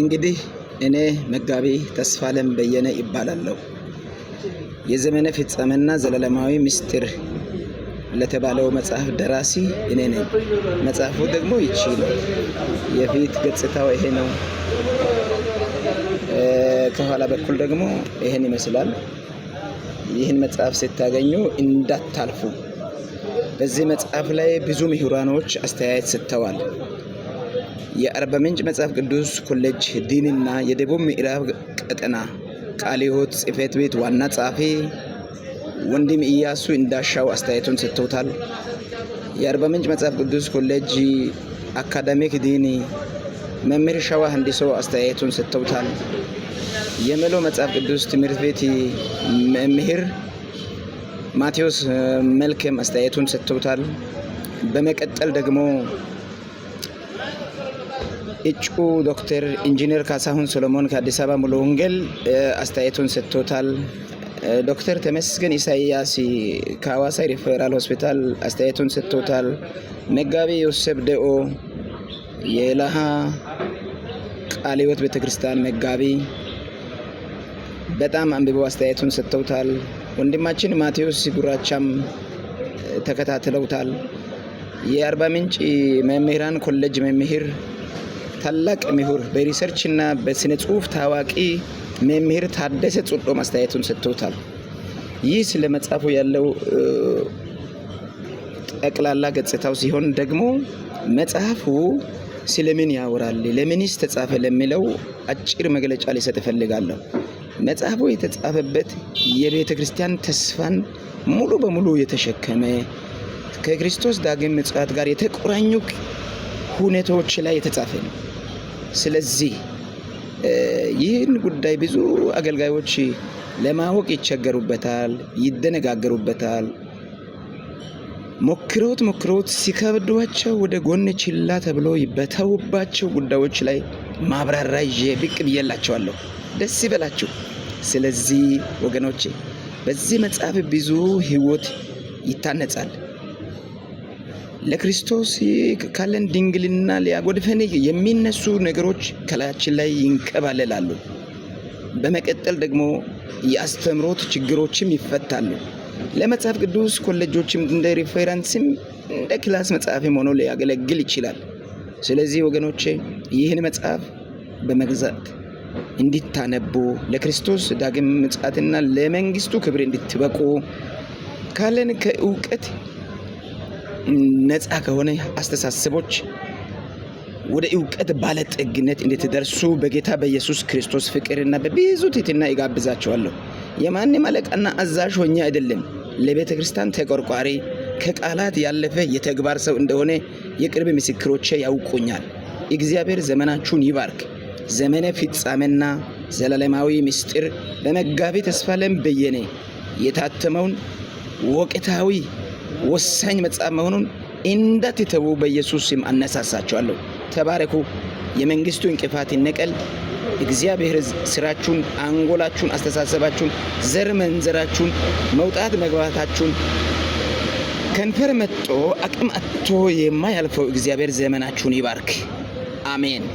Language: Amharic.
እንግዲህ እኔ መጋቢ ተስፋለም በየነ ይባላለሁ። የዘመነ ፍጻሜና ዘላለማዊ ምስጢር ለተባለው መጽሐፍ ደራሲ እኔ ነኝ። መጽሐፉ ደግሞ ይቺ ነው። የፊት ገጽታው ይሄ ነው። ከኋላ በኩል ደግሞ ይሄን ይመስላል። ይህን መጽሐፍ ስታገኙ እንዳታልፉ። በዚህ መጽሐፍ ላይ ብዙ ምሁራኖች አስተያየት ሰጥተዋል። የአርባ ምንጭ መጽሐፍ ቅዱስ ኮሌጅ ዲንና የደቡብ ምዕራብ ቀጠና ቃለ ሕይወት ጽሕፈት ቤት ዋና ጸሐፊ ወንድም እያሱ እንዳሻው አስተያየቱን ሰጥተውታል። የአርባ ምንጭ መጽሐፍ ቅዱስ ኮሌጅ አካዳሚክ ዲን መምህር ሸዋ አንዲሶ አስተያየቱን ሰጥተውታል። የመሎ መጽሐፍ ቅዱስ ትምህርት ቤት መምህር ማቴዎስ መልከም አስተያየቱን ሰጥተውታል። በመቀጠል ደግሞ እጩ ዶክተር ኢንጂነር ካሳሁን ሶሎሞን ከአዲስ አበባ ሙሉ ወንጌል አስተያየቱን ሰጥቶታል። ዶክተር ተመስገን ኢሳያስ ከሀዋሳ ሪፈራል ሆስፒታል አስተያየቱን ሰጥቶታል። መጋቢ ዮሴፍ ደኦ የለሃ ቃለ ሕይወት ቤተክርስቲያን መጋቢ በጣም አንብበው አስተያየቱን ሰጥተውታል። ወንድማችን ማቴዎስ ጉራቻም ተከታትለውታል። የአርባ ምንጭ መምህራን ኮሌጅ መምህር ታላቅ ምሁር በሪሰርች እና በስነ ጽሁፍ ታዋቂ መምህር ታደሰ ጽዶ ማስተያየቱን ሰጥቶታል። ይህ ስለ መጽሐፉ ያለው ጠቅላላ ገጽታው ሲሆን ደግሞ መጽሐፉ ስለምን ያወራል፣ ለምንስ ተጻፈ ለሚለው አጭር መግለጫ ሊሰጥ እፈልጋለሁ። መጽሐፉ የተጻፈበት የቤተ ክርስቲያን ተስፋን ሙሉ በሙሉ የተሸከመ ከክርስቶስ ዳግም ምጽአት ጋር የተቆራኙ ሁኔታዎች ላይ የተጻፈ ነው። ስለዚህ ይህን ጉዳይ ብዙ አገልጋዮች ለማወቅ ይቸገሩበታል፣ ይደነጋገሩበታል። ሞክረውት ሞክረውት ሲከብዷቸው ወደ ጎን ችላ ተብሎ በተውባቸው ጉዳዮች ላይ ማብራራ ይዤ ብቅ ብዬላቸዋለሁ። ደስ ይበላችሁ። ስለዚህ ወገኖቼ በዚህ መጽሐፍ ብዙ ሕይወት ይታነጻል። ለክርስቶስ ካለን ድንግልና ሊያጎድፈን የሚነሱ ነገሮች ከላያችን ላይ ይንቀባለላሉ። በመቀጠል ደግሞ የአስተምሮት ችግሮችም ይፈታሉ። ለመጽሐፍ ቅዱስ ኮሌጆችም እንደ ሪፌረንስም እንደ ክላስ መጽሐፍም ሆኖ ሊያገለግል ይችላል። ስለዚህ ወገኖቼ ይህን መጽሐፍ በመግዛት እንዲታነቡ ለክርስቶስ ዳግም ምጽአትና ለመንግስቱ ክብር እንድትበቁ ካለን ከእውቀት ነፃ ከሆነ አስተሳሰቦች ወደ እውቀት ባለጠግነት እንድትደርሱ በጌታ በኢየሱስ ክርስቶስ ፍቅርና በብዙ ትሕትና ይጋብዛቸዋለሁ። የማንም አለቃና አዛዥ ሆኜ አይደለም። ለቤተ ክርስቲያን ተቆርቋሪ፣ ከቃላት ያለፈ የተግባር ሰው እንደሆነ የቅርብ ምስክሮቼ ያውቁኛል። እግዚአብሔር ዘመናችሁን ይባርክ። ዘመነ ፍጻሜና ዘላለማዊ ምስጢር በመጋቢ ተስፋለም በየነ የታተመውን ወቅታዊ ወሳኝ መጽሐፍ መሆኑን እንዳትተዉ በኢየሱስ ስም አነሳሳቸዋለሁ። ተባረኩ። የመንግስቱ እንቅፋት ይነቀል። እግዚአብሔር ስራችሁን፣ አንጎላችሁን፣ አስተሳሰባችሁን፣ ዘር መንዘራችሁን፣ መውጣት መግባታችሁን ከንፈር መጥቶ አቅም አጥቶ የማያልፈው እግዚአብሔር ዘመናችሁን ይባርክ። አሜን።